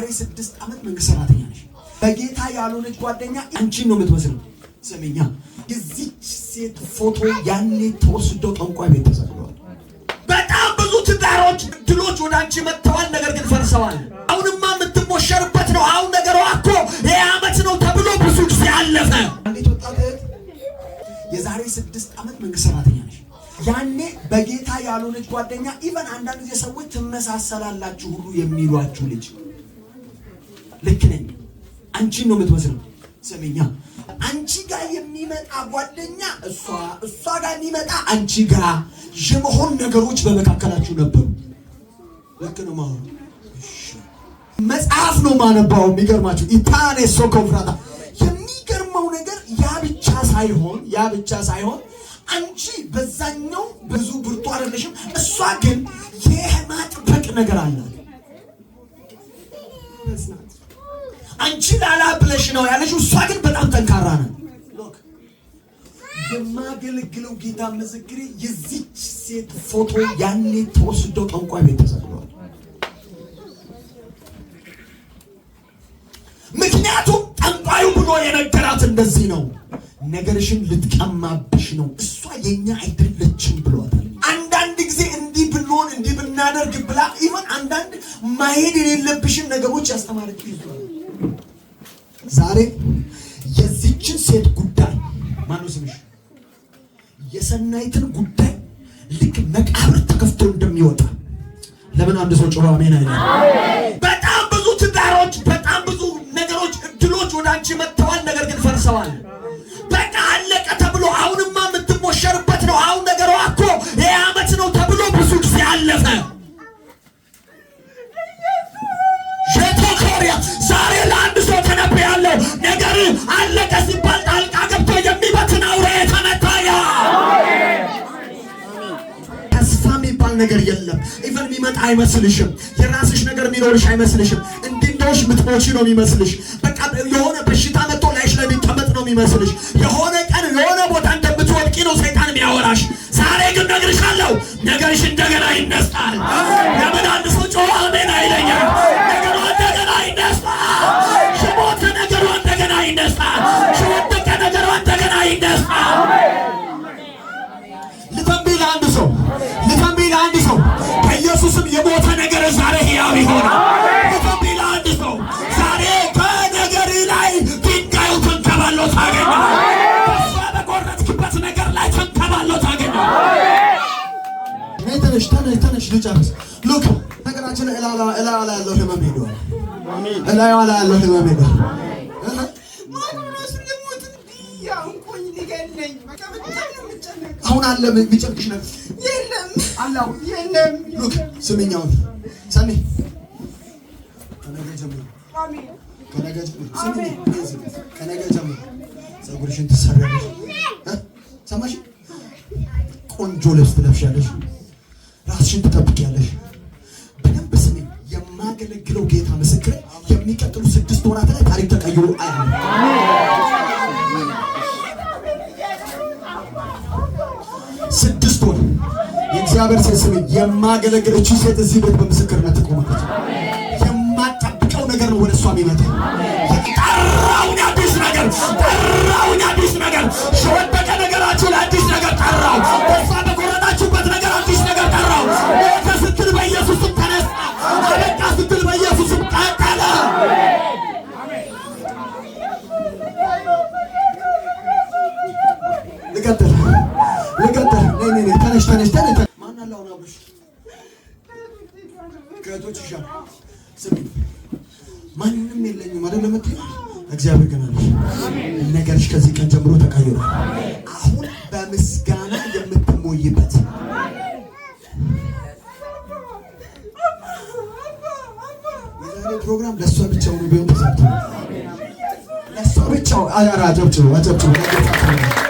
ዛሬ ስድስት ዓመት መንግስት ሰራተኛ ነሽ። በጌታ ያልሆነች ጓደኛ አንቺን ነው የምትመስለው። ስምኛ የዚች ሴት ፎቶ ያኔ ተወስዶ ጠንቋይ ቤት ተሰቅሏል። በጣም ብዙ ትዳሮች፣ ድሎች ወደ አንቺ መጥተዋል፣ ነገር ግን ፈርሰዋል። አሁንማ የምትሞሸርበት ነው። አሁን ነገሯ እኮ ይህ ዓመት ነው ተብሎ ብዙ ጊዜ አለፈ። አንዲት ወጣት የዛሬ ስድስት ዓመት መንግስት ሰራተኛ ነሽ። ያኔ በጌታ ያልሆነች ጓደኛ ኢቨን አንዳንድ ጊዜ ሰዎች ትመሳሰላላችሁ ሁሉ የሚሏችሁ ልጅ ልክ ነኝ፣ አንቺን ነው የምትመስለው። ስሚኛ አንቺ ጋር የሚመጣ ጓደኛ እሷ እሷ ጋር የሚመጣ አንቺ ጋር የመሆን ነገሮች በመካከላችሁ ነበሩ። ልክ ነው ማሆኑ መጽሐፍ ነው ማነባው። የሚገርማችሁ ኢታኔ ሶኮፍራታ የሚገርመው ነገር ያ ብቻ ሳይሆን ያ ብቻ ሳይሆን አንቺ በዛኛው ብዙ ብርቱ አይደለሽም። እሷ ግን የማጥበቅ ነገር አላት አንቺ ላላ ብለሽ ነው ያለሽ። እሷ ግን በጣም ጠንካራ ነው። የማገለግለው ጌታ መዘግሬ የዚች ሴት ፎቶ ያኔ ተወስዶ ጠንቋይ ቤት ተሰቅሏል። ምክንያቱም ጠንቋዩ ብሎ የነገራት እንደዚህ ነው፣ ነገርሽን ልትቀማብሽ ነው፣ እሷ የኛ አይደለችም ብሏታል። አንዳንድ ጊዜ እንዲህ ብንሆን እንዲህ ብናደርግ ብላ ይሆን አንዳንድ ማሄድ የሌለብሽን ነገሮች ያስተማረች ይዟል ዛሬ የዚችን ሴት ጉዳይ ማነው ስምሽ? የሰናይትን ጉዳይ ልክ መቃብር ተከፍቶ እንደሚወጣ ለምን አንድ ሰው ጮኸ? አሜን አይደለም ኢቨን የሚመጣ አይመስልሽም። የራስሽ ነገር የሚኖርሽ አይመስልሽም። እንዲህ እንደውሽ ነው የሚመስልሽ። በቃ የሆነ በሽታ መጥቶ ላይሽ ላይ የሚቀመጥ ነው የሚመስልሽ። የሆነ ቀን የሆነ ቦታ እንደምትወድቂ ነው ሰይጣን የሚያወራሽ። ዛሬ ግን ነግርሻለሁ፣ ነገርሽ እንደገና ይነሳል። ለምን አንድ ሰው ጮኸ አሜን አይለኛል? ልተንቢ ለአንድ ሰው ልተንቢ ለአንድ ሰው በኢየሱስም የሞተ ነገር ዛሬ ሕያው ይሆናል። ሌላ አንድ ሰው ዛሬ በነገር ላይ ድንጋዩ ተንከባለው ታገኛለህ። በቆረጥክበት ነገር ላይ ተንከባለው ታገኛለህ። ተነሽ ተነሽ ተነሽ ልጨርስ። ሉክ ነገራችን እላዋ ላይ ያለው ህመም ሄዷል። እላዋ ላይ ያለው ህመም ሄዷል። አሁን አለ የሚጨብጥሽ ነገር የለም። አላው የለም። ሉክ ስሚኝ፣ ሰሚ ሰኒ ከነገ ጀምሮ ከነገ ጀምሮ ስሚኝ፣ ከነገ ጀምሮ ፀጉርሽን ትሰሪያለሽ። ሰማሽ? ቆንጆ ልብስ ትለብሻለሽ። ራስሽን ትጠብቂያለሽ። በደንብ ስሚ። የማገለግለው ጌታ ምስክር የሚቀጥሉ ስድስት ወራት ላይ ታሪክ ተቀይሮ አያለሁ። አሜን። እግዚአብሔር ስም የማገለግል ሴት እዚህ ቤት በምስክርነት ትቆማለች። የማጠብቀው ነገር ነው ወደ እሷ ሚመጣ ጠራውን አዲስ ነገር ጠራውን አዲስ ነገር የወደቀ ነገራችሁ ለአዲስ ነገር በቆረጣችሁበት ነገር አዲስ ነገር ጠራው። ሞተ ስትል ተነሳ፣ አበቃ ስትል ተነሽ ተነሽ ተነሽ ከአባቶች ከእህቶች ይሻል። ስሚ ማንም የለኝም አይደል የምትይው እግዚአብሔር ግን አለሽ። ነገርሽ ከዚህ ቀን ጀምሮ ተቀይሯል። አሁን በምስጋና የምትሞይበት የዛሬ ፕሮግራም ለእሷ ብቻ ሆኖ ቢሆን ተሳብቶ ለእሷ ብቻ አጨብጭቡ፣ አጨብጭቡ።